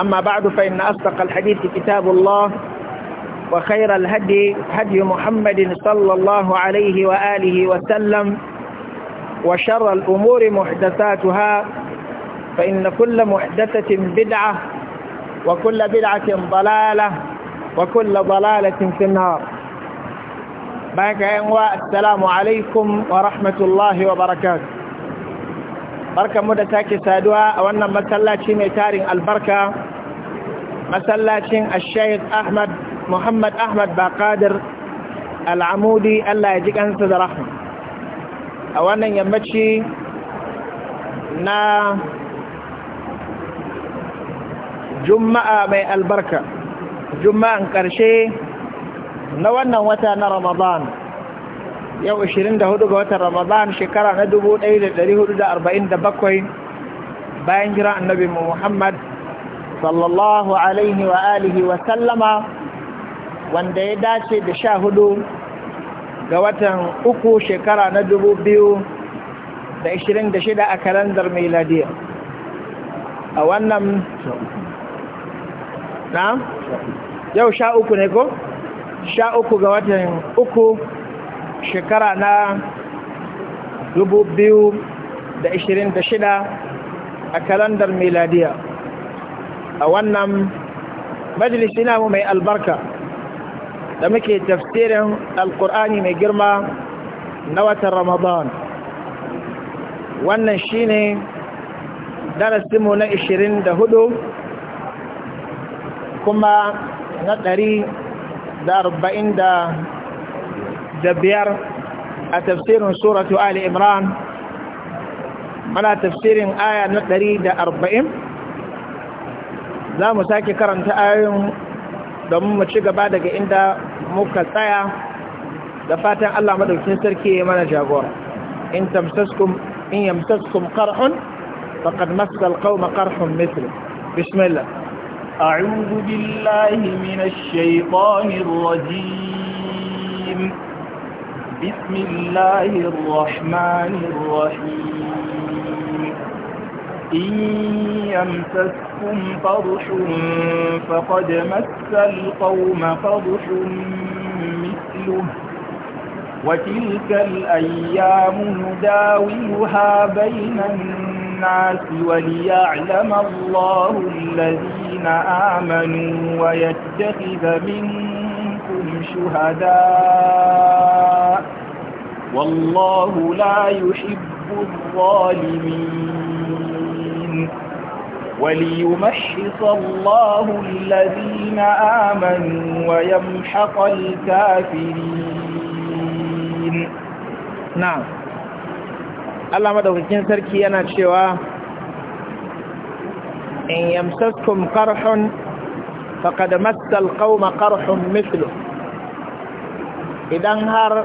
أما بعد فإن أصدق الحديث كتاب الله وخير الهدي هدي محمد صلى الله عليه وآله وسلم وشر الأمور محدثاتها فإن كل محدثة بدعة وكل بدعة ضلالة وكل ضلالة في النار السلام عليكم ورحمة الله وبركاته بركة da take saduwa a wannan masallaci mai masallacin ashayid ahmad muhammad ahmad bakadir al'amudi allah ya ji kansa da rahma a wannan yammaci na juma'a mai albarka juma'an ƙarshe na wannan wata na ramadan yau 24 ga watan ramadan shekara na 1447 bayan jira annabi muhammad sallallahu alaihi wa alihi wa sallama wanda ya dace da sha hudu ga watan uku shekara na dubu biyu da ishirin da shida a kalandar miladiya a wannan na yau sha uku ne ko sha uku ga watan uku shekara na dubu biyu da ishirin da shida a kalandar miladiya a wannan majalisi namu mai albarka da muke tafsirin alkur'ani mai girma na watan ramadan wannan shine darasinmu na 24 kuma na 145 a tafsirin suratu ali imran mana tafsirin aya na 140 za mu sake karanta ayoyin don mu ci gaba daga inda muka tsaya da fatan Allah madaukin sarki ya mana jagora in tamsaskum in yamsaskum qarhun faqad masaka alqawma qarhun mithlu bismillah a'udhu billahi minash shaitanir rajim bismillahir rahmanir rahim إن يمسسكم قرش فقد مس القوم قرش مثله وتلك الأيام نداولها بين الناس وليعلم الله الذين آمنوا ويتخذ منكم شهداء والله لا يحب الظالمين وليمحص الله الذين آمنوا ويمحق الكافرين نعم الله مدوكين سركي أنا تشوى إن يمسسكم قرح فقد مس القوم قرح مثله إذا انهر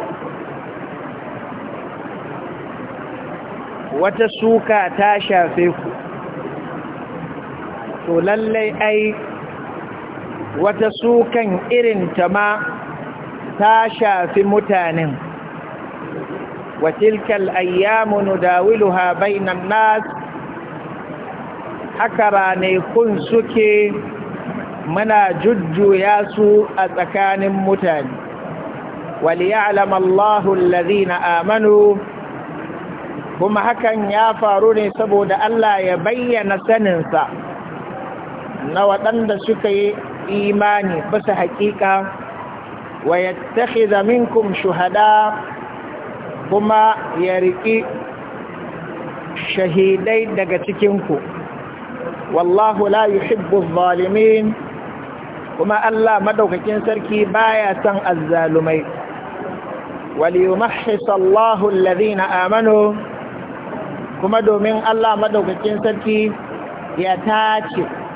وتسوكا تاشا فيكم to lallai ai wata sukan irin ta ma ta shafi mutanen wa tilkal ayyamu nudawiluha bainan haka ranakun suke muna jujjuya su a tsakanin mutane وليعلم الله الذين آمنوا kuma hakan ya faru ne saboda Allah ya bayyana saninsa na waɗanda suka yi imani basa haƙiƙa wa min minkum shuhada kuma ya riƙi shahidai daga cikinku wallahu la yuhibbu adh-dhalimin kuma Allah madaukakin sarki baya san azzalumai waliyumahhis Allahu alladhina amanu kuma domin Allah madaukakin sarki ya tace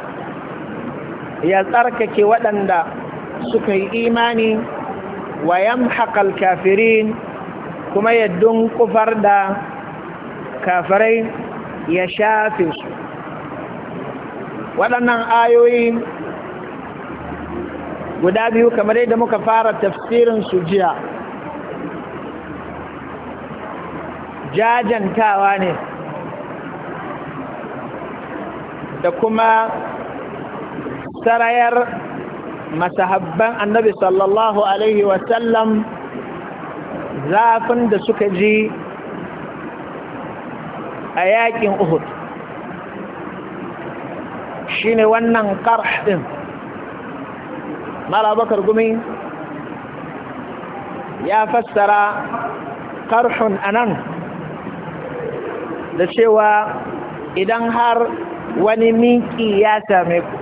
ya tsarkake waɗanda suka yi imani wa yamhaqal kafirin kuma ya dunkufar da kafirai ya shafe su waɗannan ayoyi guda biyu kamar yadda muka fara tafsirin su jiya jajantawa ne da kuma sarayar masahabban annabi sallallahu alaihi wasallam zafin da suka ji a yakin uhud shine wannan ƙarh ɗin malabakar gumi ya fassara karhun anan da cewa idan har wani miki ya same ku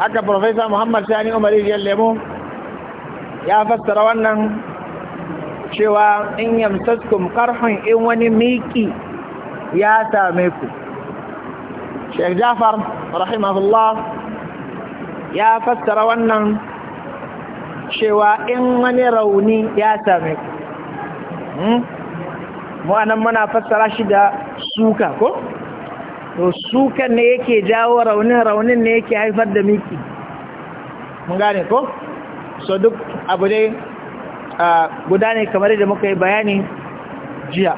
haka profesa muhammad sani umar rijiyar lemo ya fassara wannan cewa in yamsaskum karhun in wani miki ya same ku sheikh jafar rahimahullah ya fassara wannan cewa in wani rauni ya same ku hmm? mu'anan muna fassara shi da suka ko to sukan ne yake jawo raunin raunin ne yake haifar da miki mun gane ko so duk abu dai guda ne kamar da muka yi bayani jiya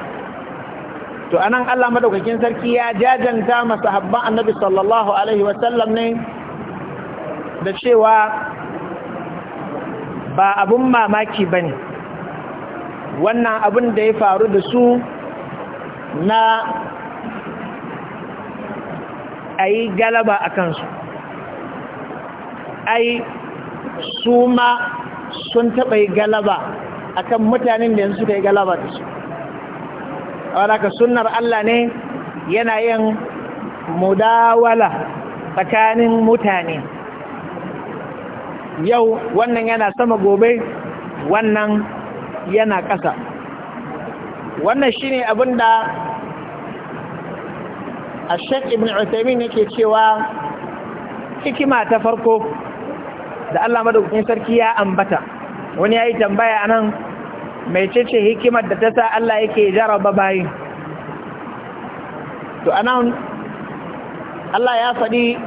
to anan Allah madaukakin sarki ya jajanta masahabban annabi sallallahu alaihi wasallam ne da cewa ba abun mamaki bane wannan abun da ya faru da su na a yi galaba a kansu ai su ma sun taɓa yi galaba a kan mutanen da yanzu suka yi galaba da su wadaka sunnar Allah ne yana yin mudawala tsakanin mutane yau wannan yana sama gobe wannan yana ƙasa wannan shine abinda a shek ibn utaimin yake cewa hikima ta farko da allah madaukakin sarki ya ambata wani ya yi tambaya anan mai cece hikimar da ta sa allah yake jaraba bai to a nan allah ya faɗi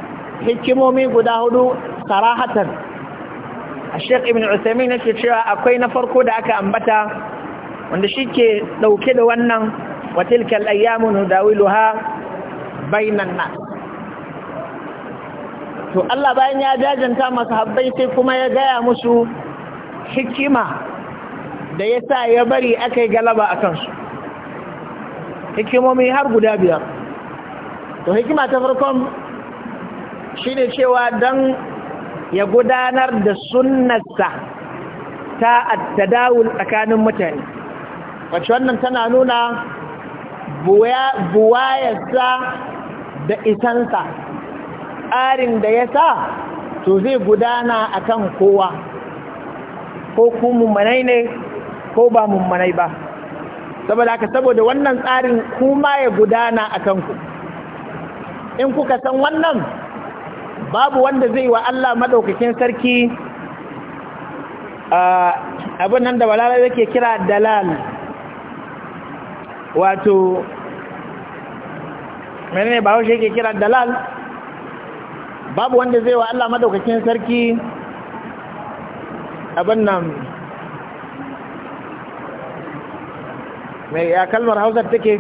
hikimomi guda hudu sarahatan a shek ibn yake cewa akwai na farko da aka ambata wanda shi ke ɗauke da wannan watilkal ayyamu nudawiluha bainan na, to Allah bayan ya jajanta masu habbai sai kuma ya gaya musu hikima da ya sa ya bari aka yi galaba a kansu hikimomi har guda biyar to hikima ta farkon shi ne cewa don ya gudanar da sunnarsa ta attadawul tsakanin mutane wacce wannan tana nuna buwayarsa da isansa tsarin da ya sa to zai gudana a kan kowa ko ku mummanai ne ko ba mummanai ba saboda haka saboda wannan tsarin kuma ya gudana kan ku in kuka san wannan babu wanda zai wa Allah madaukakin sarki abin nan da walala yake kira dalal wato menene ba haushe yake kira dalal babu wanda zai wa Allah madaukakin sarki abin nan mai ya kalmar hausar take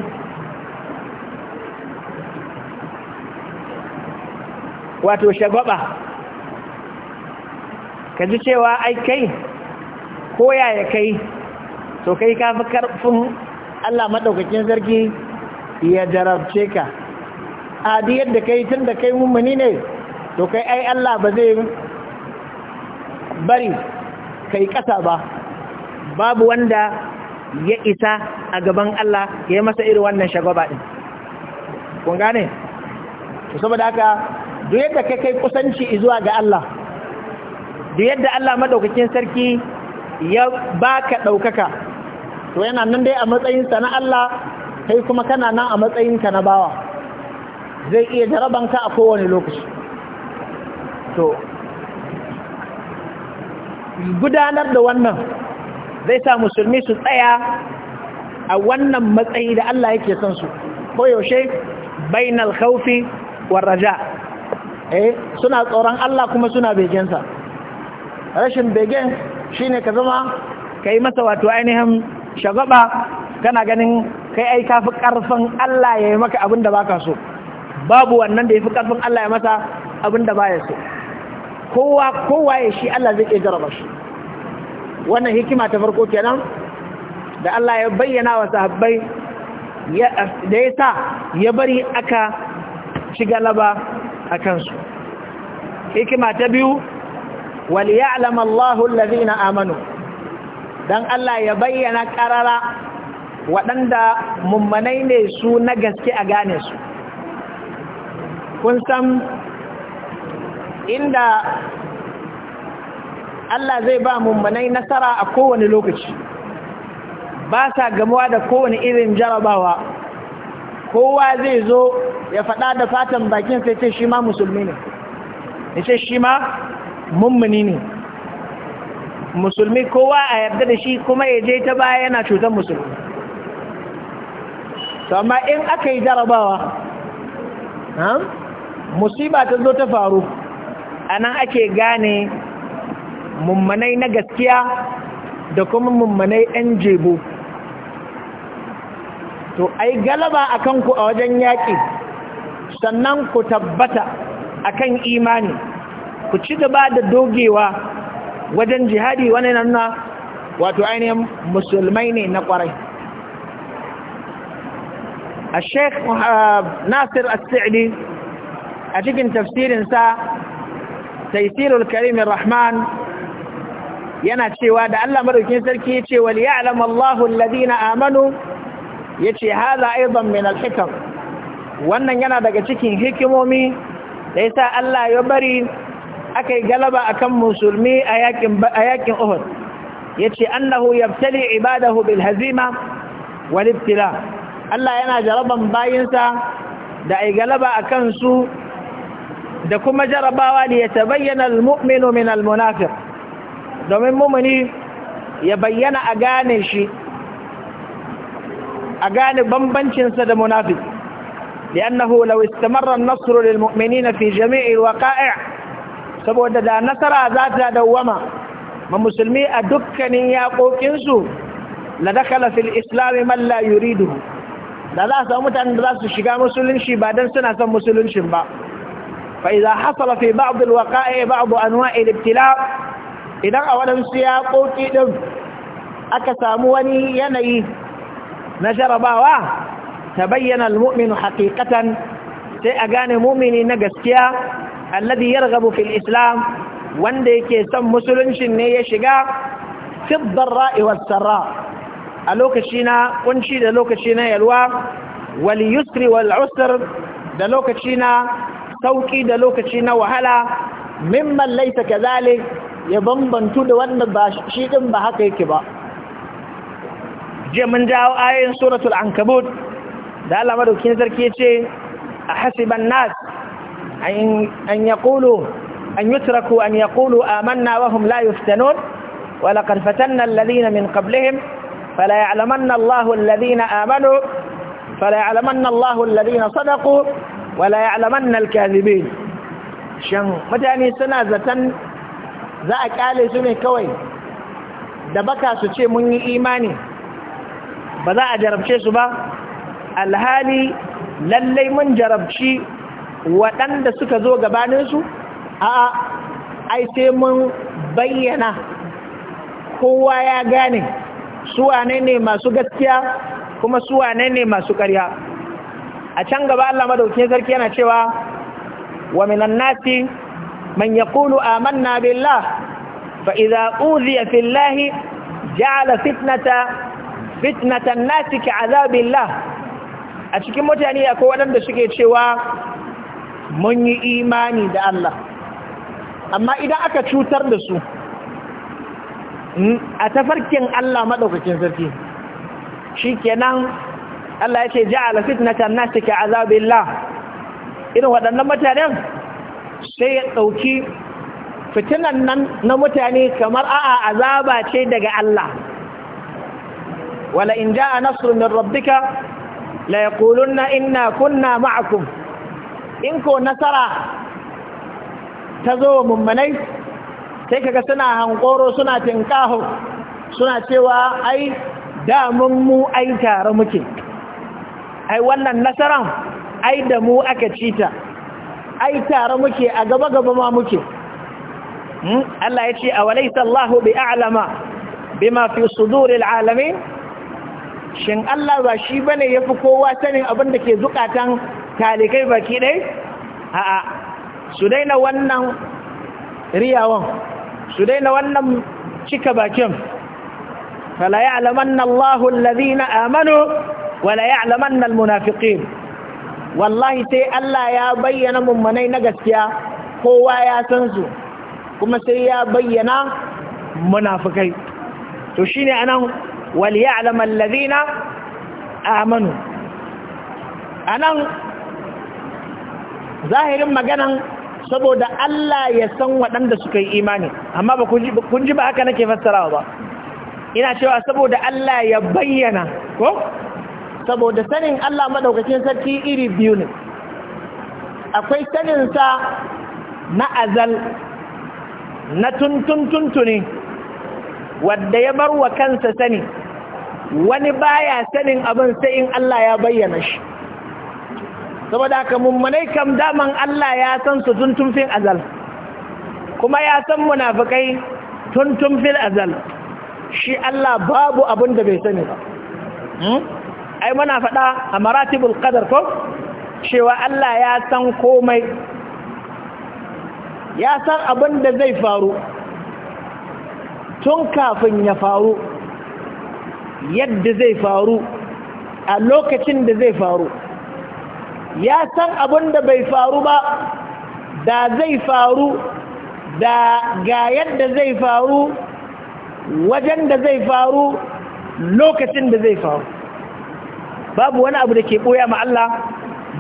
wato shagwaba ka ji cewa ai kai koya ya kai to kai ka fi karfin Allah madaukakin sarki ya jarabce ka a duk yadda kai tun da kai mummuni ne to kai ai Allah ba zai bari kai kasa ba babu wanda ya isa a gaban Allah ya masa iri wannan shagaba din kun gane to saboda haka duk yadda kai kai kusanci zuwa ga Allah duk yadda Allah madaukakin sarki ya baka ɗaukaka? to yana nan dai a matsayinsa na Allah kai kuma kana nan a matsayin na bawa zai iya jaraban ka a kowane lokaci to gudanar da wannan zai sa musulmi su tsaya a wannan matsayi da Allah yake son su koyaushe bainal khawfi war raja eh suna tsoron Allah kuma suna begensa rashin begen shine ka zama kai masa wato ainihin shagaba kana ganin kai ai kafi karfin Allah ya yi maka abin da baka so babu wannan da ya fi ƙarfin Allah ya masa abin da baya so kowa kowa ya shi Allah zai iya jaraba shi wannan hikima ta farko kenan da Allah ya bayyana wa sahabbai da ya sa ya bari aka ci galaba a kansu hikima ta biyu wal ya'lam Allahu allazina amanu dan Allah ya bayyana karara waɗanda mummanai ne su na gaske a gane su kun san inda Allah zai ba mummanai nasara a kowane lokaci ba sa gamuwa da kowane irin jarabawa kowa zai zo ya faɗa da fatan bakin sai ce shi ma musulmi ne ya ce shi ma mummuni ne musulmi kowa a yarda da shi kuma ya je ta baya yana cutar musulmi to amma in aka yi jarabawa musiba ta zo ta faru anan ake gane mummanai na gaskiya da kuma mummanai ɗan jebo to ai galaba a kanku a wajen yaƙi sannan ku tabbata a kan imani ku ci gaba da dogewa wajen jihadi wani nan wato ainihin musulmai ne na kwarai. a sheikh uh, nasir as-sa'idi a cikin tafsirinsa taisirul karimin rahman yana cewa da Allah madaukin sarki ya ce wal ya'lam Allahu Ladina amanu yace haza aidan min al wannan yana daga cikin hikimomi da yasa Allah ya bari yi galaba akan musulmi a yakin a yace annahu yabtali ibadahu bil hazima wal Allah yana jaraban bayinsa da ayi galaba a kansu. da kuma jarabawa ne ya tabayyana bayyana muminu min al-munafiq domin mumuni ya bayyana a gane shi a gane bambancinsa da munafik li'annahu law istamarra an-nasru lil-mu'minina fi jami'i al saboda da nasara za ta dawwama ma musulmi a dukkanin yaƙoƙinsu na dakala fil islam malla yuridu da za su mutanen da za su shiga musulunci ba dan suna son musuluncin ba فإذا حصل في بعض الوقائع بعض أنواع الابتلاء إذا أولا سياقوتي دم أكساموني يني نجر باوا تبين المؤمن حقيقة سيأغان مؤمن نقسكيا الذي يرغب في الإسلام وانده كيسم مسلم شنية شقا في الضراء والسراء الوكشينا ونشيد الوكشينا يلوا واليسر والعسر دلوكشينا sauki da lokaci na wahala mimman laita kazalik ya bambantu da wannan ba shi din ba haka yake ba je mun jawo ayoyin suratul ankabut da Allah madaukakin sarki yace ahasiban nas an yaqulu an yutraku an yaqulu amanna wa hum la yuftanun wa laqad fatanna alladhina min qablihim fala ya'lamanna Allahu alladhina amanu fala ya'lamanna Allahu alladhina sadaqu wala ya'lamanna al-kadhibin shan mutane suna zaton za a kyale su ne kawai da baka su ce mun yi imani ba za a jarabce su ba alhali lallai mun jarabci waɗanda suka zo gabaninsu a ai sai mun bayyana kowa ya gane suwa ne masu gaskiya kuma suwane ne masu ƙarya a can gaba Allah madaukakin sarki yana cewa wa minan nasi man yaqulu amanna billah fa idza uziya fillahi ja'ala fitnata fitnatan nasi ka'azabillah a cikin mutane akwai waɗanda suke cewa mun yi imani da Allah amma idan aka cutar da su hmm, a tafarkin Allah madaukakin sarki shikenan Allah ya ce ja'ala fitnatan nasi ka azabillah irin waɗannan mutanen sai ya ɗauki fitinan nan na mutane kamar a'a azaba ce daga Allah wala in ja'a nasrun min rabbika la yaquluna inna kunna ma'akum in ko nasara ta zo mummanai sai kaga suna hankoro suna tinkaho suna cewa ai da mun mu ai tare muke ai wannan nasaran ai da mu aka cita ai tare muke a gaba-gaba ma muke hmm? Allah ya ce a walaita Allahu bi a'lama bima fi suduril alamin shin Allah ba shi bane yafi kowa sanin abin da ke zukatan talikai baki dai a'a su daina wannan riyawan su daina wannan cika bakin fala ya'lamanna Allahu alladhina amanu wala ya'lamanna almunafiqin wallahi sai Allah ya bayyana mummanai na gaskiya kowa ya san su kuma sai ya bayyana munafikai to shine anan wal ya'lam alladhina amanu anan zahirin maganan saboda Allah ya san waɗanda suka yi imani amma ba kun ji ba haka nake fassarawa ba ina cewa saboda Allah ya bayyana ko saboda sanin Allah madaukakin sarki iri biyu ne akwai saninsa na azal na tuntuntuntuni wadda ya bar wa kansa sani wani baya sanin abin sai in Allah ya bayyana shi saboda haka mummunai kam daman Allah ya san su tun azal kuma ya san munafikai tun azal shi Allah babu abin da bai sani ba hmm? ai muna faɗa a maratibul ƙadar ko cewa Allah ya san komai ya san abin da zai faru tun kafin ya faru yadda zai faru a lokacin da zai faru ya san abin da bai faru ba da zai faru da ga yadda zai faru wajen da zai faru lokacin da zai faru babu wani abu da ke ɓoya ma Allah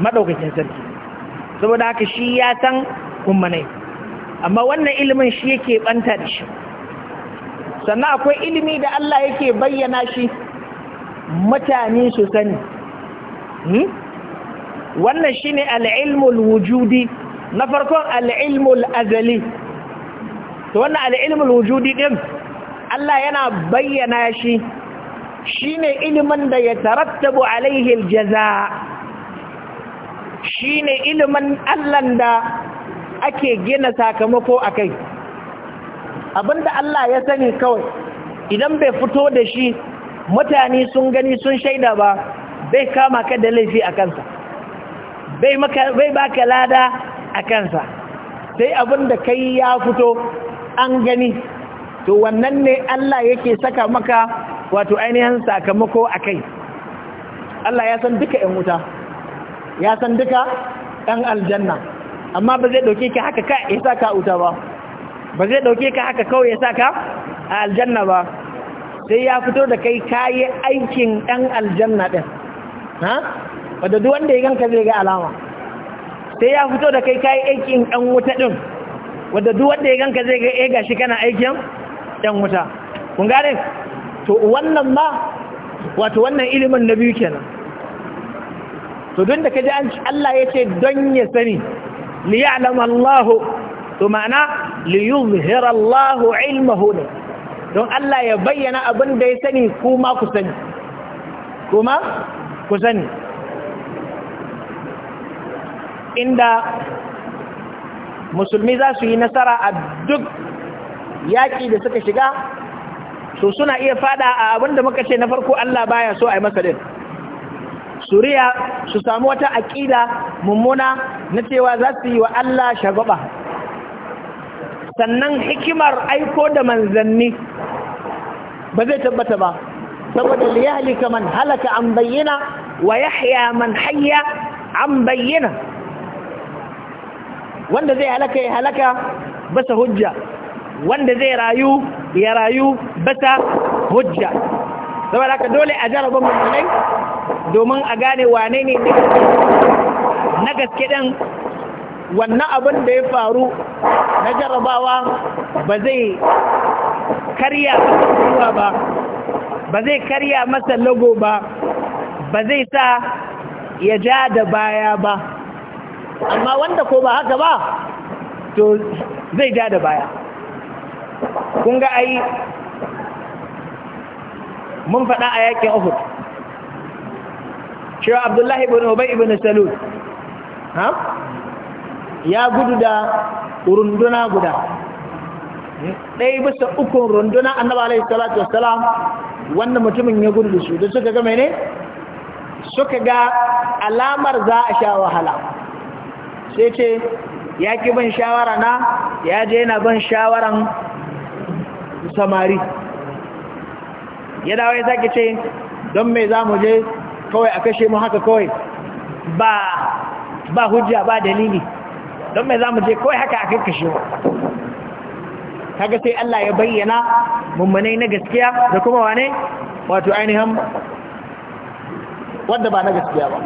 maɗaukakin sarki saboda haka shi ya san ummanai amma wannan ilimin shi yake ɓanta da shi sannan akwai ilimi da Allah yake bayyana shi mutane su sani hmm? wannan shi ne al'ilmul wujudi na farkon al'ilmul azali to wannan al'ilmul wujudi ɗin Allah yana bayyana shi shine ilimin da ya tarattabu alaihi aljaza shine ilimin Allah da ake gina sakamako akai abinda Allah ya sani kawai idan bai fito da shi mutane sun gani sun shaida ba bai kama ka da laifi a kansa bai baka lada a kansa sai abinda kai ya fito an gani to wannan ne Allah yake saka maka wato ainihin sakamako a kai Allah ya san duka ‘yan wuta ya san duka ɗan aljanna amma ba zai ɗauke ka haka ka ya sa ka wuta ba ba zai ɗauke ka haka kawai ya sa ka a aljanna ba sai ya fito da kai kayi aikin ɗan aljanna ɗin wadda duk wanda ya ganka zai ga alama sai ya fito da kai kayi aikin ɗan wuta ɗin wadda duk wanda ya ganka zai ga ya eh, gashi kana aikin ɗan wuta kun gane to wannan ma wato wannan ilimin na biyu kenan to don da kaji an Allah ya ce don ya sani li ya'lam Allah to ma'ana li yuzhira Allah ilmahu don Allah ya bayyana abin da ya sani kuma ku sani kuma ku sani inda musulmi za su yi nasara a duk yaƙi da suka shiga su suna iya fada a abinda muka ce na farko Allah baya so a yi masa din suriya su samu wata aƙida mummuna na cewa za su yi wa Allah shagaba sannan hikimar aiko da manzanni ba zai tabbata ba saboda liyahlika man halaka an bayyana wa yahya man hayya an bayyana wanda zai halaka ya halaka basa hujja wanda zai rayu ya rayu bata hujja saboda haka dole a jaraba mummunai domin a gane wane ne na gaske ɗin wannan abin da ya faru na jarabawa ba zai karya masa ba ba zai karya masa logo ba ba zai sa ya ja da baya ba amma wanda ko ba haka ba to zai ja da baya kun ga ai mun faɗa a yakin uhud cewa abdullahi ibn ubay ibn salul ha ya gudu da runduna guda ɗaya bisa ukun runduna annaba alaihi salatu wassalam wanda mutumin ya gudu da su da suka ga mene suka ga alamar za a sha wahala sai ce ya ki ban shawara na ya je yana ban shawaran samari ya dawo ya sake ce don mai za mu je kawai a kashe mu haka kawai ba hujja ba dalili don mai za mu je kawai haka a kashe mu kaga sai Allah ya bayyana mummunai na gaskiya da kuma wane wato ainihin wadda ba na gaskiya ba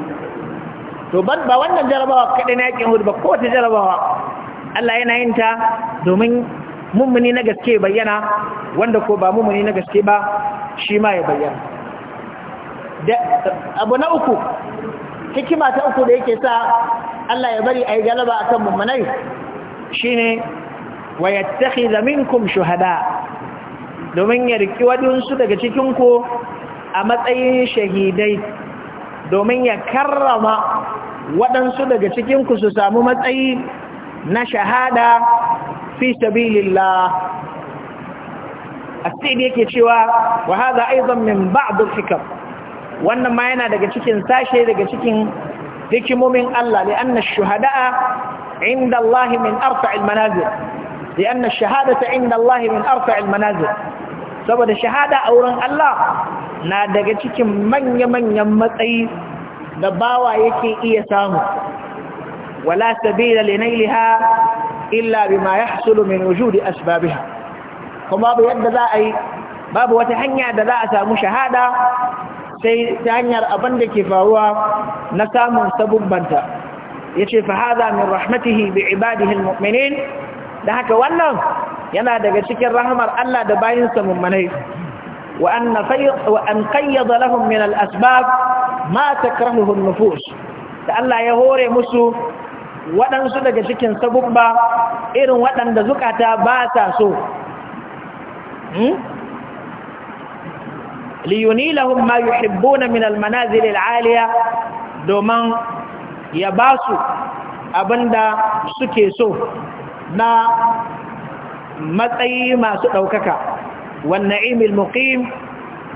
to ba wannan jarabawa kaɗai na yakin hudu ba kowace jarabawa Allah yana yin ta domin mummuni na gaske bayyana wanda ko ba mummuni na gaske ba shi ma ya bayyana abu na uku hikima ta uku da yake sa Allah ya bari a yi galaba a kan mummunai shi ne wa ya tafi zaminkum shahada? domin ya riki waɗansu daga cikinku a matsayin shahidai domin ya karrama waɗansu daga cikinku su samu matsayi na shahada fi sabilillah asidi yake cewa wa hadha aidan min ba'd al-hikam wannan ma yana daga cikin sashe daga cikin hikimomin Allah li anna ash-shuhada'a 'inda Allah min arfa' al-manazil li anna ash-shahadata 'inda Allah min arfa' al-manazil saboda shahada a wurin Allah na daga cikin manya-manyan matsayi da bawa yake iya samu wala sabila li nailiha illa bima yahsulu min wujudi asbabiha kuma babu yadda za a yi babu wata hanya da za a samu shahada sai ta hanyar abin da ke faruwa na samun sabubbanta yace fa hadha min rahmatihi bi ibadihi almu'minin da haka wannan yana daga cikin rahmar Allah da bayansa mummanai wa anna wa an qayyada lahum min alasbab ma takrahuhu an-nufus da Allah ya hore musu waɗansu daga cikin sabubba irin waɗanda zukata ba sa so hmm? liyunilahum ma yuhibbuna min almanazil alaliya domin ya ba su abinda suke so na matsayi masu ɗaukaka wannan imil muqim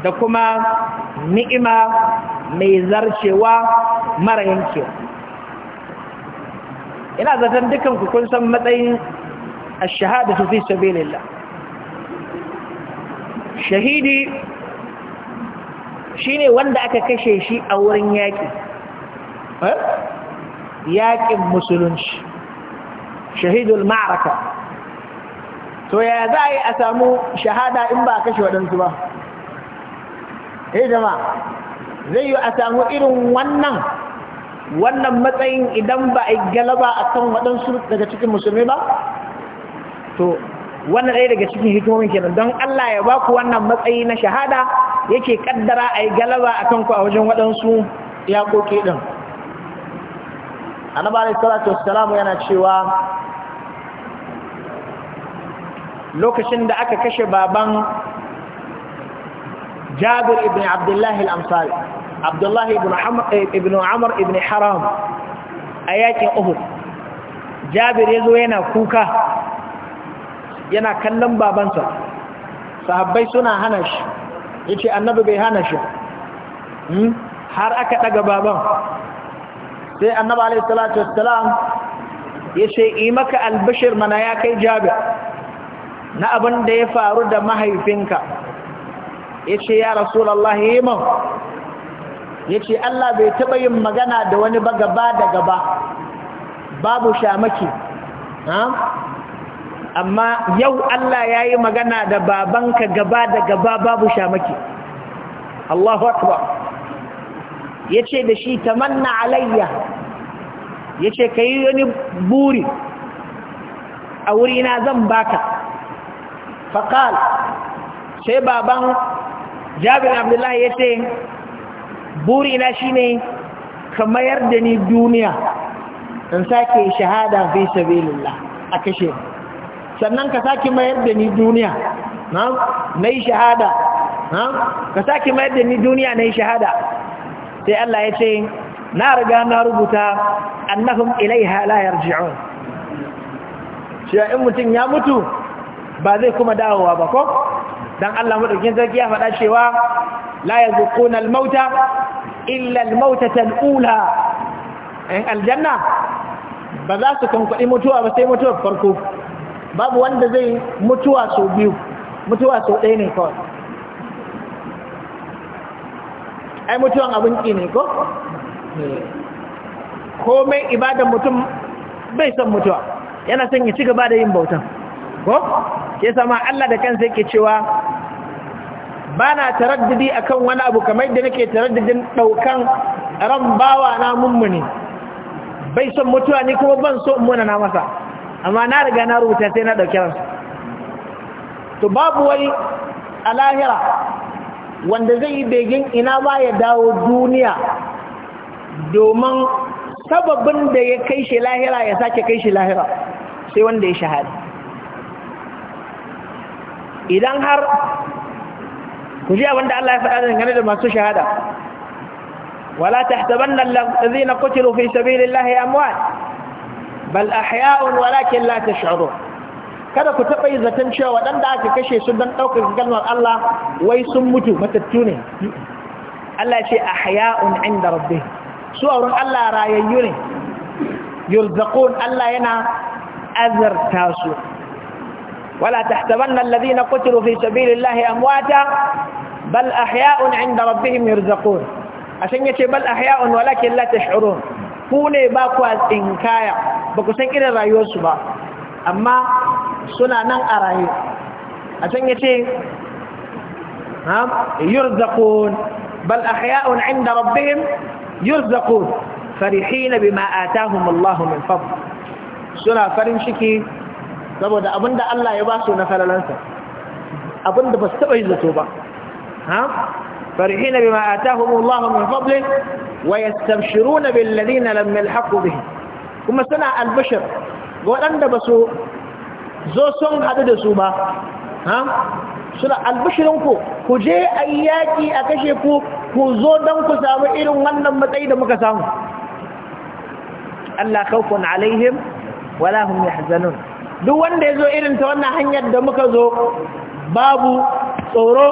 da kuma ni'ima mai zarcewa mara yankewa ina zaton dukan ku kun san matsayin ash-shahadatu fi sabilillah shahidi shine wanda aka kashe shi a wurin yaki eh? yakin musulunci shahidul ma'araka to ya za a yi a samu shahada in ba a kashe waɗansu ba eh jama'a zai yi a samu irin wannan wannan matsayin idan ba a galaba a kan waɗansu daga cikin musulmi ba to wannan ɗaya daga cikin hikimomin kenan don Allah ya ba ku wannan matsayi na shahada yake kaddara a yi galaba a kan ku a wajen waɗansu yaƙoƙi ɗin annaba alaihi salatu yana cewa lokacin da aka kashe baban jabir ibn abdullahi al-ansari abdullahi ibn amur eh, ibn haram a yakin uhud jabir ya zo yana kuka yana kallon babansa sahabbai suna hana shi ya ce annabi bai hana shi hmm? har aka daga baban sai annabi alaihi salatu wassalam ya ce yi maka albashir mana ya kai jabir na abin da ya faru da mahaifinka ya ce ya rasulallah yi man yace Allah bai taɓa yin magana da wani ba gaba da gaba babu shamaki amma yau Allah yayi magana da babanka gaba da gaba babu shamaki Allahu akbar yace da shi manna alayya yace yi wani buri a wurina zan baka faqal sai baban Jabir Abdullahi ce. burina ne ka mayar da ni duniya in sake shahada fi sabilillah a kashe sannan ka sake mayar da ni duniya na yi shahada ka sake mayar da ni duniya na yi shahada sai Allah ya ce na riga na rubuta annahum ilaiha la yarji'un shi in mutum ya mutu ba zai kuma dawowa ba ko dan Allah madaukin sarki ya faɗa cewa la yazquna al-mauta illa al-mautata al-ula in eh, aljanna ba za su kankwadi mutuwa ba sai mutuwar farko babu wanda zai mutuwa sau biyu mutuwa sau ɗaya ne kawai ai mutuwan abin ƙi ne ko? komai ibadan mutum bai son mutuwa yana son ya ci gaba da yin bautan ko ke sama Allah da kansa yake cewa ba na taraddudi akan wani abu kamar da nake taraddudin daukan ran bawa na mummuni bai son mutuwa ni kuma ban so muna na masa amma na riga na rubuta sai na ɗauki ran. to babu wani a lahira wanda zai yi begin ina ba ya dawo duniya domin sababin da ya kai shi lahira ya sake kai shi lahira sai wanda ya shahada idan har ku ji abinda Allah ya faɗa da dangane da masu shahada wala tahtabanna allazina qutilu fi sabilillahi amwat bal ahya'un walakin la tash'urun kada ku taɓa yi cewa waɗanda aka kashe su don ɗaukar kalmar Allah wai sun mutu matattu ne Allah ce ahya'un inda rabbi su a wurin Allah rayayyu ne yurzaqun Allah yana azarta su ولا تحسبن الذين قتلوا في سبيل الله أمواتا بل أحياء عند ربهم يرزقون عشان يتي بل أحياء ولكن لا تشعرون كوني باكوا إنكايا بكو سنكري رأيوس با أما سنة نن أرأي عشان يتي يرزقون بل أحياء عند ربهم يرزقون فرحين بما آتاهم الله من فضل سنة فرنشكي saboda abinda Allah ya ba su na falalansa abinda ba su taɓa yi zato ba ha farihina bima atahumullahu min fadli wa yastabshiruna bil ladina lam yalhaqu bihi kuma suna albashir ga waɗanda ba su zo sun hadu da su ba ha suna albashirin ku ku je a yi a kashe ku ku zo don ku samu irin wannan matsayi da muka samu Allah khawfun alaihim wala hum yahzanun duk wanda ya zo irin ta wannan hanyar da muka zo babu tsoro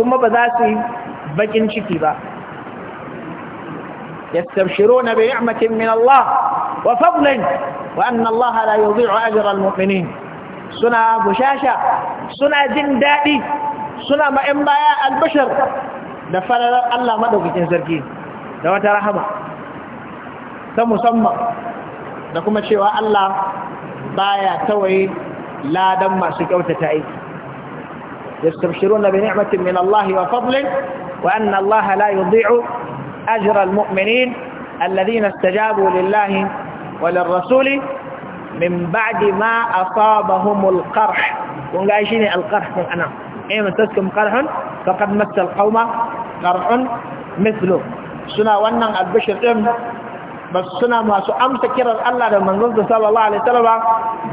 kuma ba za su yi bakin ciki ba ya tsarshiro na bai amatin min Allah wa fablin wa Allah ala yau zai ajiyar al-mu'mini suna bushasha suna jin daɗi suna ma'in baya albashar da fararar Allah maɗaukakin sarki da wata rahama ta musamman da kuma cewa Allah baya tawaye ladan masu kyautata aiki yastabshiruna bi ni'matin min Allah wa fadlin wa anna Allah la yudhi'u ajra al-mu'minin alladhina istajabu lillahi wa lirrasuli min ba'di ma asabahum al-qarh kun ga shine al-qarh kun ana in taskum qarhun faqad massa al-qauma qarhun mithlu suna wannan albashir din ba suna masu amsa kiran Allah da manzonsa sallallahu alaihi wasallam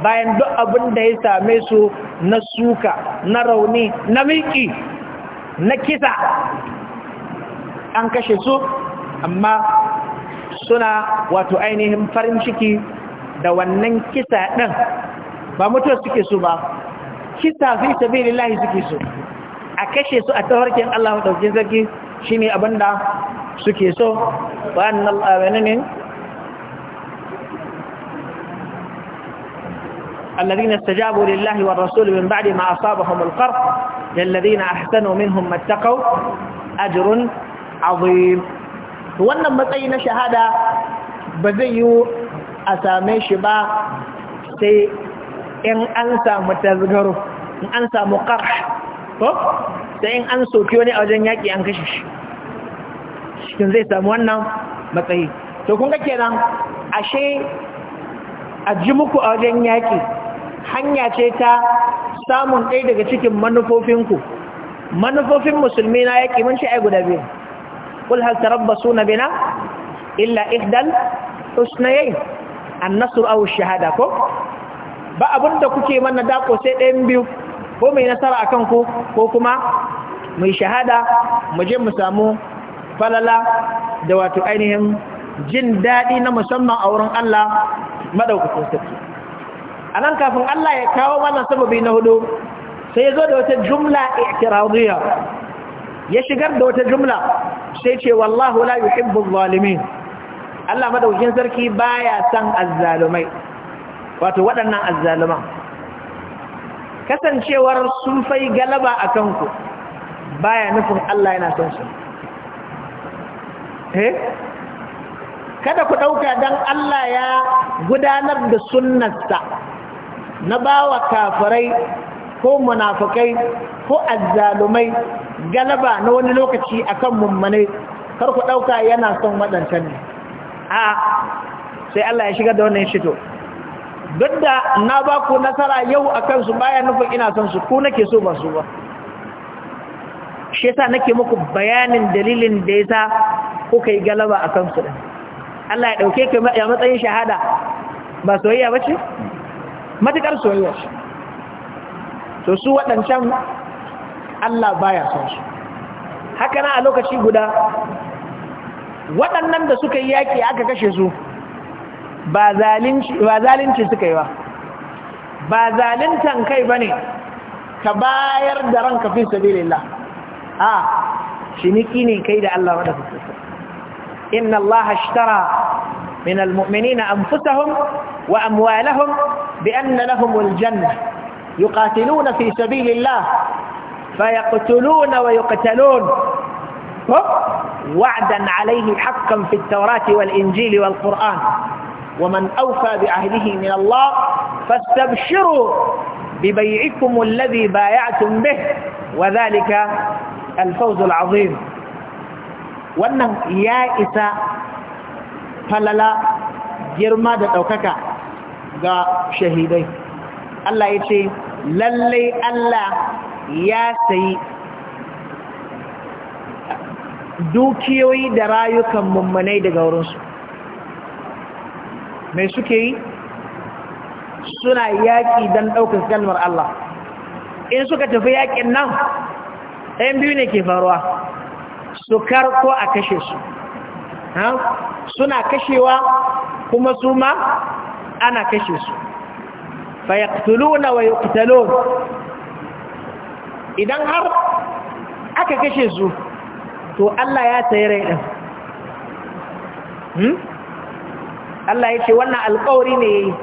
bayan duk abin da ya same su na suka na rauni na miki na kisa an kashe su amma suna wato ainihin farin ciki da wannan kisa ɗin ba mutuwar suke su ba kisa fi sabilillahi suke su a kashe su a tawarkin Allah dauke zaki shine abinda suke so ba الذين استجابوا لله والرسول من بعد ما أصابهم القرح للذين أحسنوا منهم ما اتقوا أجر عظيم wannan matsayi na shahada ba zai yi a same shi ba sai in an samu tasgaro in a wajen yaƙi an kashe shi zai wannan matsayi to kun kenan ashe a ji muku a wajen yaƙi hanya ce ta samun ɗaya daga cikin manufofinku manufofin musulmi na yaƙi mun ce ai guda biyu kul hal tarabbasu na bina illa ihdal husnayayn an-nasr aw shahada ko ba da kuke mana dako sai ɗayan biyu ko mai nasara akan ku ko kuma mai shahada mu je mu samu falala da wato ainihin jin daɗi na musamman a wurin Allah maɗaukakin sarki a nan kafin Allah ya kawo wannan sababi na hudu sai ya zo da wata jumla i'tiradiyya ya shigar da wata jumla sai ce wallahu la yuhibbu zalimin Allah maɗaukin sarki baya san azzalumai wato waɗannan azzaluman kasancewar sun fai galaba a kanku baya nufin Allah yana son su eh? kada ku ɗauka don Allah ya gudanar da sunnasta. na bawa kafirai ko munafukai ko azzalumai galaba na wani lokaci akan mummune kar ku ɗauka yana son waɗancan ne a sai Allah ya shigar da wannan shito duk da na ba ku nasara yau a kansu baya nufin ina son su ku nake so ba su ba shi yasa nake muku bayanin dalilin da ya sa kuka yi galaba a kansu ɗin Allah ya dauke ka a matsayin shahada ba soyayya ce? matuƙar soyayyar shi to su waɗancan Allah baya son su haka na a lokaci guda waɗannan da suka yi yaƙi aka kashe su ba zalunci suka yi ba ba zaluntan kai ba ne ka bayar da ranka fi sabilillah a shiniki ne kai da Allah wadda su inna Allah ashtara من المؤمنين أنفسهم وأموالهم بأن لهم الجنة يقاتلون في سبيل الله فيقتلون ويقتلون وعدا عليه حقا في التوراة والإنجيل والقرآن ومن أوفى بعهده من الله فاستبشروا ببيعكم الذي بايعتم به وذلك الفوز العظيم وأنه يائس falala girma da ɗaukaka ga shahidai Allah ya ce lallai Allah ya sayi dukiyoyi da rayukan mummunai daga wurinsu mai suke yi suna yaƙi don ɗaukar kalmar Allah in suka tafi yaƙin nan ɗayan biyu ne ke faruwa su karko a kashe su suna kashewa kuma su ma ana kashe su fa yaqtuluna wa yuqtalun idan har aka kashe su to Allah ya sayi rai din hmm Allah ya ce wannan alƙawari ne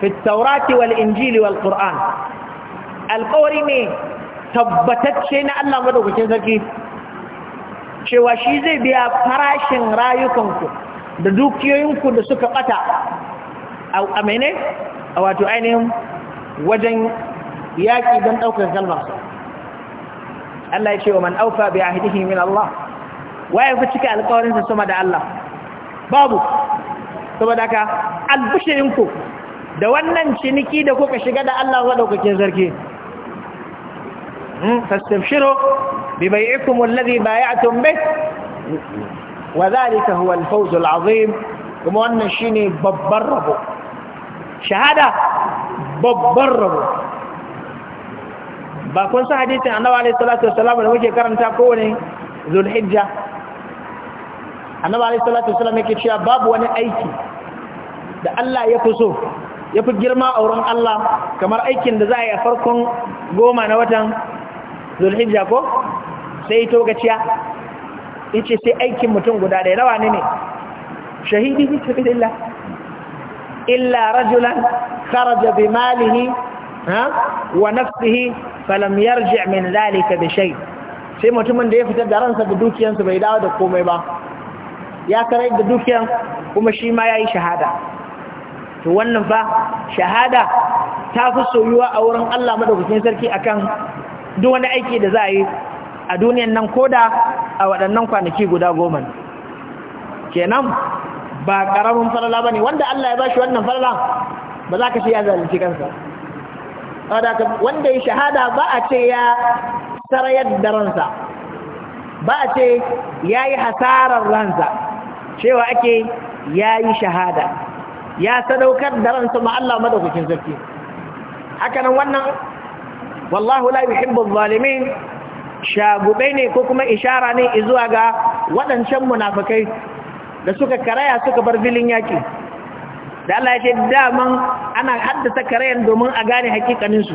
fi taurati wal injili wal qur'an alƙawari ne tabbatacce na Allah madaukakin sarki cewa shi zai biya farashin rayukanku da dukiyoyinku da suka bata a mene a wato ainihin wajen yaƙi don ɗaukar kalmarsa Allah ya ce wa man aufa bi ahdihi min Allah waye fi cika alƙawarinsa sama da Allah babu saboda ka albishirinku da wannan ciniki da kuka shiga da Allah wa ɗaukakin zarki hmm, fastabshiro ببيعكم الذي بايعتم به وذلك هو الفوز العظيم kuma wannan shine babban rabo shahada babban rabo ba kun sa hadisin annabi alaihi salatu wassalam da muke karanta kowane annabi alaihi salatu wassalam yake cewa babu wani aiki da Allah ya fi so ya fi girma a wurin Allah kamar aikin da za a yi a farkon goma na watan zulhijja ko sai ito gaciya ce sai aikin mutum guda da rawa ne ne shahidi fi illa rajulan kharaja bi malihi wa nafsihi falam yarji' min bi shay sai mutumin da ya fitar da ransa da dukiyarsa bai dawo da komai ba ya karai da dukiyar kuma shi ma yayi shahada to wannan fa shahada ta fi soyuwa a wurin Allah madaukakin sarki akan duk wani aiki da za a yi a duniyan nan koda a waɗannan kwanaki guda goma kenan ba ƙaramin falala ba ne wanda Allah ya ba shi wannan falala ba za ka ce ya kansa wanda ya shahada ba a ce ya sarayar da ransa ba a ce ya yi hasarar ransa cewa ake ya yi shahada ya sadaukar da ransa ma Allah madaukakin sarki haka nan wannan wallahu la yuhibbu adh-dhalimin shagubai ne ko kuma ishara ne zuwa ga waɗancan munafakai da suka karaya suka bar filin yaki da Allah ya ce daman ana haddasa karayan domin a gane hakikaninsu.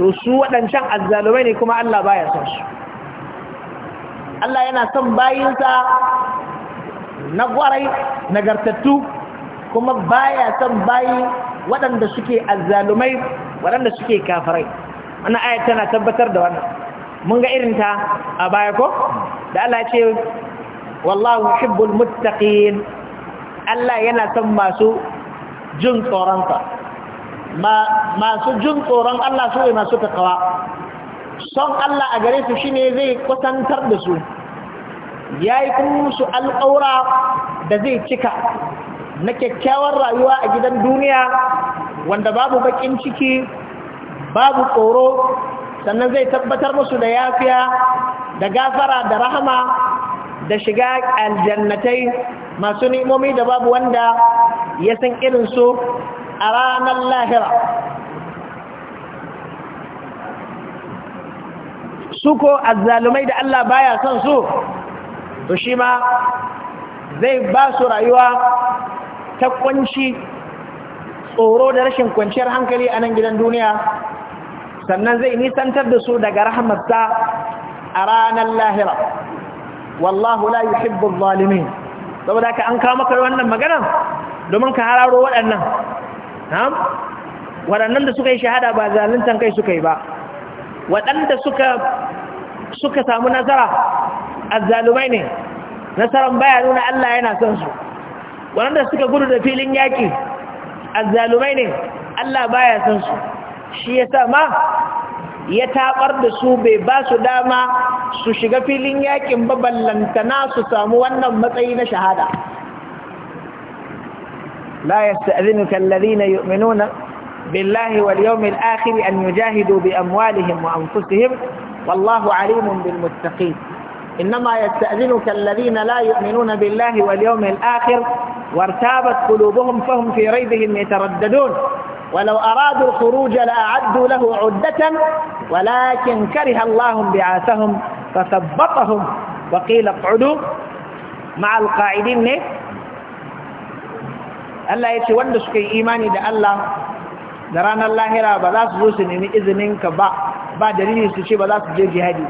to su waɗancan azzalumai ne kuma Allah baya son su Allah yana son bayinsa na gwarai nagartattu kuma baya son bayi waɗanda suke azzalumai waɗanda suke kafirai wannan ayyata tana tabbatar da wannan mun ga irinta a baya ko da Allah ce wallahu hibbul muttaqin Allah yana son masu jin tsoron ma masu jin tsoron Allah su ne masu takawa son Allah a gare su shine zai kwatantar da su yayi kuma su alƙaura da zai cika na kyakkyawar rayuwa a gidan duniya wanda babu bakin ciki babu tsoro sannan zai tabbatar musu da yafiya da gafara da rahama da shiga aljannatai masu ni'imomi da babu wanda ya san irinsu a ranar lahira su ko azzalumai da Allah baya son su to shi ma zai ba su rayuwa ta kwanci tsoro da rashin kwanciyar hankali a nan gidan duniya sannan zai nisantar da su daga rahmatsa a ranar lahira wallahu la yuhibbu zalimin saboda ka an kawo maka wannan magana domin ka hararo waɗannan na'am waɗannan da suka yi shahada ba zaluntan kai suka yi ba waɗanda suka suka samu nasara azzalumai ne nasaran baya nuna Allah yana son su waɗanda suka gudu da filin yaki, azzalumai ne Allah baya son su shi ya ma ya taɓar da su bai ba su dama su shiga filin yakin baballantana su samu wannan matsayi na shahada لا يستأذنك الذين يؤمنون بالله واليوم الآخر أن يجاهدوا بأموالهم وأنفسهم والله عليم بالمتقين إنما يستأذنك الذين لا يؤمنون بالله واليوم الآخر وارتابت قلوبهم فهم في ريبهم يترددون ولو أرادوا الخروج لأعدوا له عدة ولكن كره الله بعاثهم فثبطهم وقيل اقعدوا مع القاعدين ألا يتوندس كي إيماني دا الله دران الله لا بلاس زوسن إن إذنك با با دليل سيشي بلاس جي جهدي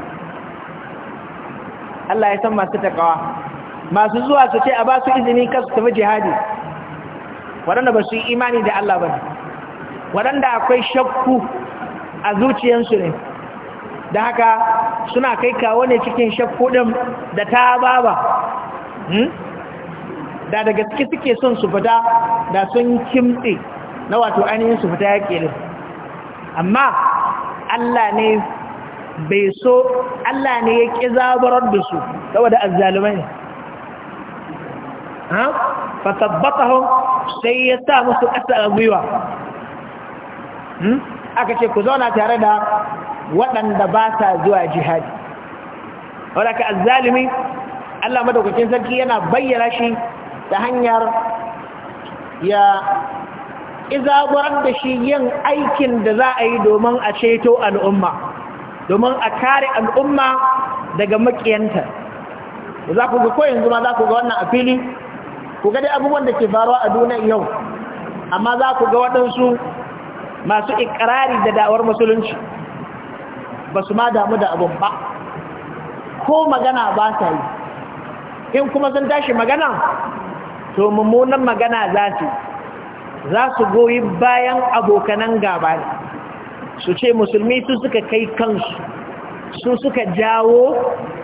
الله يسمى ستقوا ما سزوها سيشي أباس إذنك ستفجي هادي ورنبسي إيماني دا الله بلاس waɗanda akwai shakku a zuciyarsu ne da haka suna kai kawo ne cikin shakku ɗin da ta baba hmm? da daga ciki suke son su fita da sun kimɗe na wato ainihin su fita ya ne amma Allah ne bai so Allah ne ya ƙi zabarar da su saboda azzalumai ne fatabbatahun sai ya sa musu ƙasa a gwiwa Hmm? aka ce ku zauna tare da waɗanda ba sa zuwa jihadi wadaka azzalumi, Allah madaukakin sarki yana bayyana shi ta hanyar ya izaburar da shi yin aikin da za a yi domin a ceto al'umma domin a kare al'umma daga makiyanta za ku ga koyin zuma za ku ga wannan a fili ku ga abubuwan da ke faruwa a duniya yau amma za ku ga waɗansu masu ikirari da da'awar musulunci ba su ma damu da abin ba ko magana ba ta yi in kuma sun tashi magana to mummunan magana za su za su goyi bayan abokanan gaba su ce musulmi su suka kai kansu su suka jawo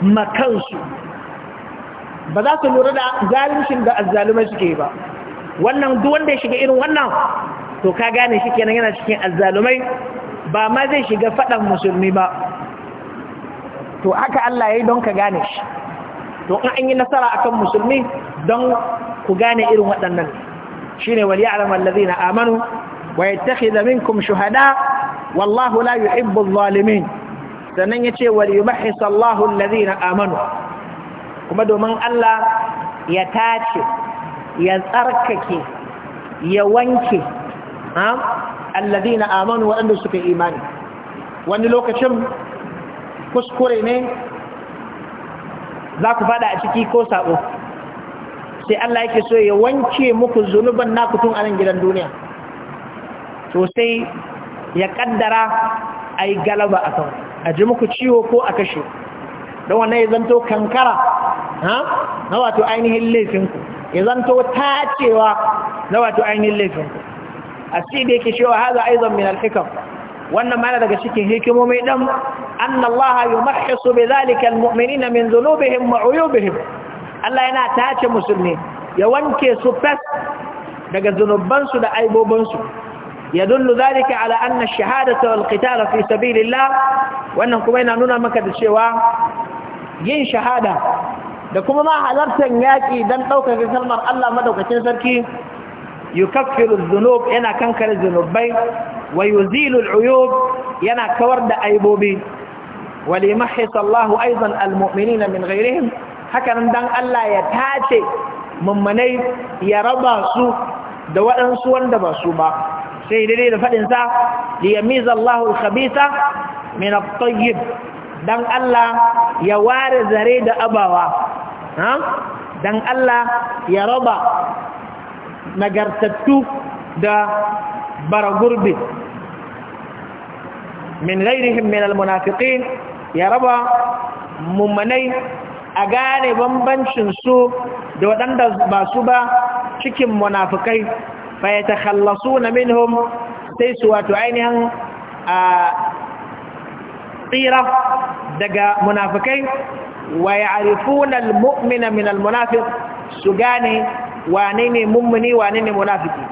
makansu ba za su lura da zalimshin da azzalumai suke ba wannan duk ya shiga irin wannan to ka gane shi kenan yana cikin azzalumai ba ma zai shiga faɗan musulmi ba to haka Allah ya yi don ka gane shi to an yi nasara akan musulmi don ku gane irin waɗannan shi ne wal ya'lam allazina amanu wa yattakhidha minkum shuhada wallahu la yuhibbu adh-dhalimin sannan yace wal yumahhis Allahu allazina amanu kuma domin Allah ya tace ya tsarkake ya wanke alladina amanu waɗanda suka yi imani wani lokacin kuskure ne za ku fada a ciki ko sabo sai Allah yake so ya wanke muku zunuban naku tun anan gidan duniya to sai ya kaddara a yi galaba a kan a ji muku ciwo ko a kashe don wannan ya zanto kankara na wato ainihin laifinku ya zanto tacewa na wato ainihin laifinku asidi yake cewa haza aizan min al-hikam wannan mana daga cikin hikimomi dan annallaha yumahhisu bidhalika almu'minina min dhunubihim wa 'uyubihim Allah yana tace musulmi ya wanke su fas daga zunubansu da aibobansu yadullu dhalika ala anna ash-shahadata wal qitala fi sabilillah wannan kuma yana nuna maka da cewa yin shahada da kuma ma halartar yaƙi don ɗaukaka kalmar Allah madaukakin sarki yukaffiru dhunub yana kankare zunubai wa yuzilu al'uyub yana kawar da aibobi wa limahhis Allah almu'minina min ghayrihim hakan dan Allah ya tace mummanai ya raba su da waɗansu wanda ba ba sai dai da faɗin sa liyamiza Allah dan Allah ya ware zare da abawa dan Allah ya raba nagartattu da gurbi, min ghairihim min almunafiqin ya raba mummanai a gane bambancin su da waɗanda ba su ba cikin munafikai fa na minhum sai su wato ainihin a tsira daga munafikai wa ya'rifuna almu'mina min almunafiq su gane وانني ممني وانني منافقي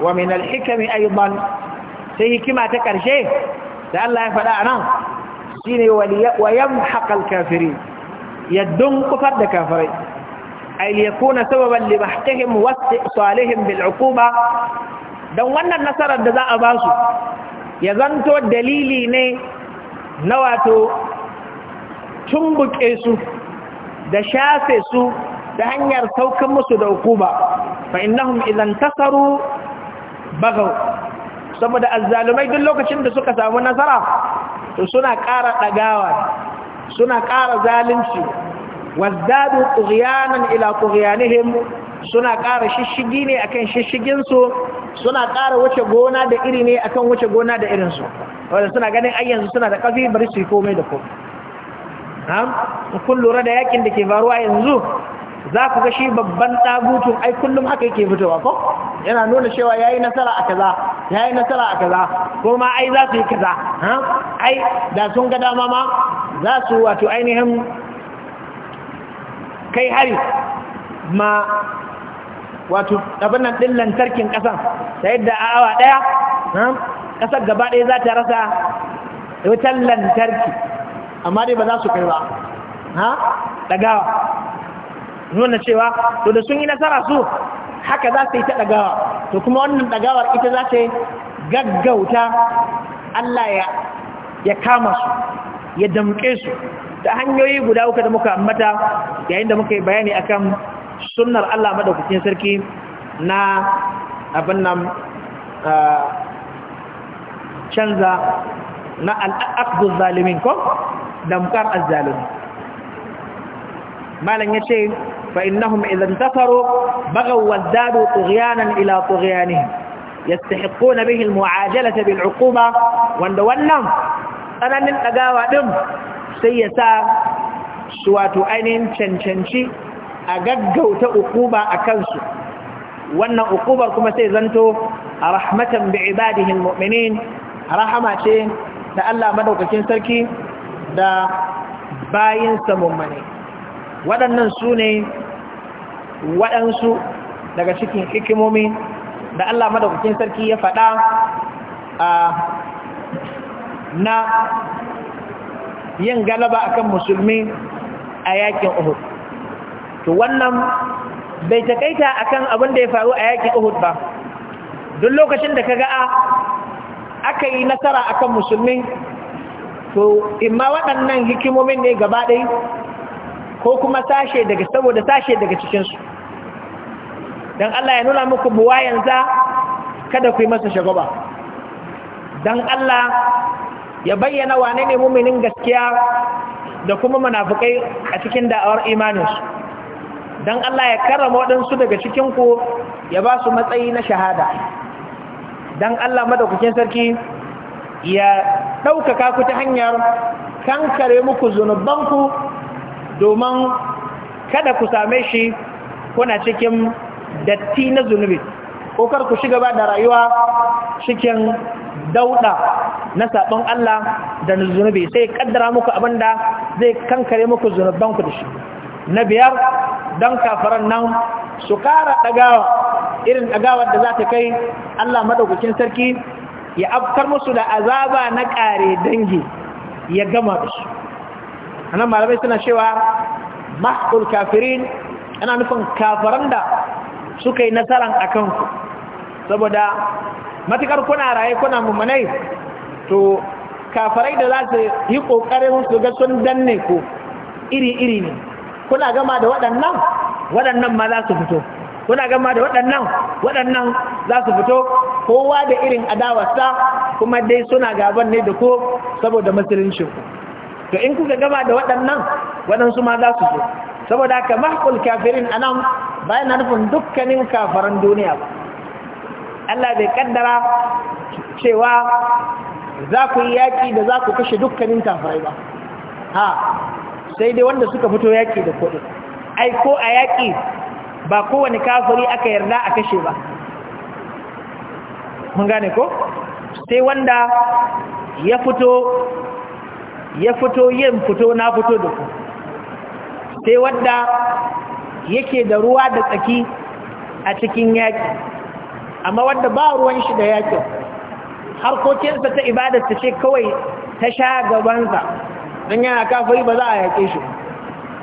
ومن الحكم ايضا سي كما تكرشي لألا يفلا انا سيني ولي ويمحق الكافرين يدن قفر لكافرين أي ليكون سببا لمحتهم واستئصالهم بالعقوبة دون النصر الدزاء باسو يظنتو الدليلي ني نواتو تنبك إسو دشافي سو da hanyar saukan musu da hukuma fa innahum idan tasaru bagaw saboda azzalumai duk lokacin da suka samu nasara to suna ƙara ɗagawa suna ƙara zalunci wazdadu tughyanan ila tughyanihim suna ƙara shishigi ne akan su suna ƙara wuce gona da iri ne akan wuce gona da irinsu wanda suna ganin ai yanzu suna da kafi bari su yi komai da komai in kun lura da yakin da ke faruwa yanzu za ku ga shi babban ɗagutun ai kullum haka yake fitowa ko yana nuna cewa ya yi nasara a kaza ya yi nasara a kaza ko ma ai za su yi kaza ai da sun ga dama ma za su wato ainihin kai hari ma wato abin nan ɗin lantarkin ƙasan ta yadda a awa ɗaya ƙasar gaba ɗaya za ta rasa wutan lantarki amma dai ba za su kai ba ɗagawa nuna cewa to da sun yi nasara su haka za su yi ta ɗagawa to kuma wannan ɗagawar ita za ta gaggauta Allah ya kama su ya damke su ta hanyoyi guda uku da muka ambata yayin da muka yi bayani akan sunnar Allah madaukakin sarki na abin nan canza na al'aqdu zalimin ko damkar Az-Zalimin, malam yace فإنهم إذا انتصروا بغوا وازدادوا طغيانا إلى طغيانهم يستحقون به المعاجلة بالعقوبة واندونا أنا نتقاوى دم سيسا سواتو أين تنشنشي أققوا تأقوبة أكنسوا وأن أقوبة كما سيزنتوا رحمة بعباده المؤمنين رحمة شيء لألا مدوك كنسركي دا باين سمومني waɗannan su ne waɗansu daga cikin hikimomi da Allah madaukakin sarki ya faɗa na yin galaba akan musulmi a yakin Uhud to wannan bai takaita akan abin da ya faru a yakin Uhud ba duk lokacin da kaga aka yi nasara akan musulmi to imma waɗannan hikimomin ne gaba ɗaya ko kuma sashe daga saboda sashe daga cikinsu don Allah ya nuna muku buwayansa kada ku yi masa shagaba don Allah ya bayyana wane ne muminin gaskiya da kuma munafukai a cikin da'awar imaninsu don Allah ya karrama waɗansu daga cikinku ya ba su matsayi na shahada don Allah madaukakin sarki ya ɗaukaka ku ta hanyar kankare muku ku. domin kada ku same shi kuna cikin datti na zunubi ko kar ku shiga ba da rayuwa cikin dauda na sabon Allah da zunubi sai kaddara muku abinda zai kankare muku zunuban ku da shi na biyar dan kafaran nan su kara dagawa irin dagawar da za ta kai Allah madaukakin sarki ya afkar musu da azaba na kare dangi ya gama da su anan malamai suna cewa mahkul kafirin ana nufin kafaran da suka yi nasaran a kanku saboda matukar kuna raye kuna mummanai to kafarai da za su yi ƙoƙarin su ga sun danne ku iri-iri ne kuna gama da waɗannan waɗannan ma za su fito kuna gama da waɗannan waɗannan za su fito kowa da irin adawarsa kuma dai suna gaban ne da ko saboda musulunci ku to in kuka gaba da waɗannan waɗansu ma za su zo saboda haka mahkul kafirin a nan bayan na nufin dukkanin kafaran duniya ba Allah bai kaddara cewa za ku yi yaƙi da za ku kashe dukkanin kafirai ba ha sai dai wanda suka fito yaƙi da kuɗi ai ko a yaƙi ba kowane kafari aka yarda a kashe ba mun gane ko sai wanda ya fito ya fito yin fito na fito da ku sai wadda yake da ruwa da tsaki a cikin yaƙi amma wadda ba ruwan shi da yaƙin harkokinsa ta ibadarsa ce kawai ta sha gabansa don yana kafari ba za a yaƙe shi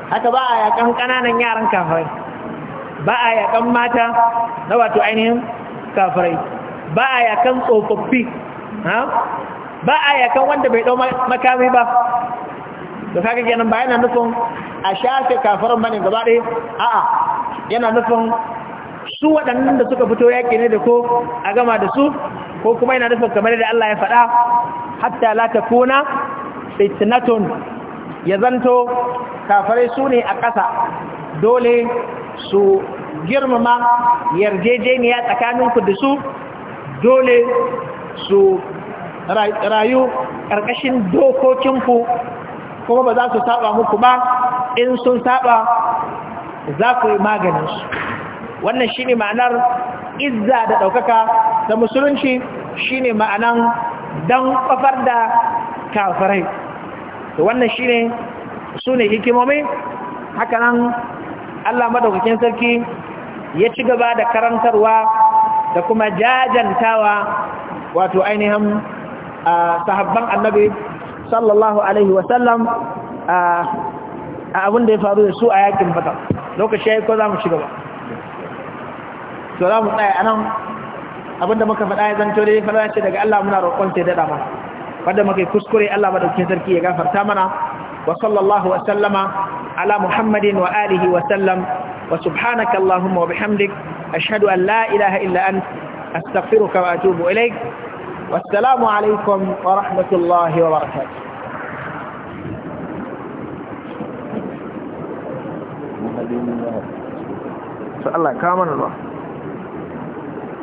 haka ba a yaƙan ƙananan yaran kafari ba a yaƙan mata na wato ainihin kafirai ba a yakan tsofaffi ba a yakan wanda bai ɗau makami ba da kaga kenan ba yana nufin a shafe kafaran bane gaba ɗaya a'a yana nufin su waɗannan da suka fito yaƙi ne da ko a gama da su ko kuma yana nufin kamar da Allah ya faɗa hatta la takuna fitnatun ya zanto kafare su ne a ƙasa dole su girmama yarjejeniya tsakaninku da su dole su rayu ƙarƙashin dokokinku kuma ba za su saba muku ba in sun saba za ku yi maganinsu wannan shi ne ma'anar izza da ɗaukaka da musulunci shi ne ma'anan don ƙafar da kafirai wannan shi ne su ne hikimomi hakanan allah maɗaukakin sarki ya ci gaba da karantarwa da kuma jajantawa wato ainihin sahabban annabi sallallahu alaihi wasallam a abin da ya faru da su a yakin bata lokaci ya yi ko za mu shiga ba So za mu tsaya a nan abinda muka faɗa ya zanto dai fara ce daga Allah muna roƙon ta daɗa mana wanda muka yi kuskure Allah madaukin sarki ya gafarta mana wa sallallahu wa sallama ala muhammadin wa alihi wa sallam wa subhanaka allahumma wa bihamdik ashhadu an la ilaha illa ant astaghfiruka wa atubu ilaik والسلام عليكم ورحمة الله وبركاته الله كامل الله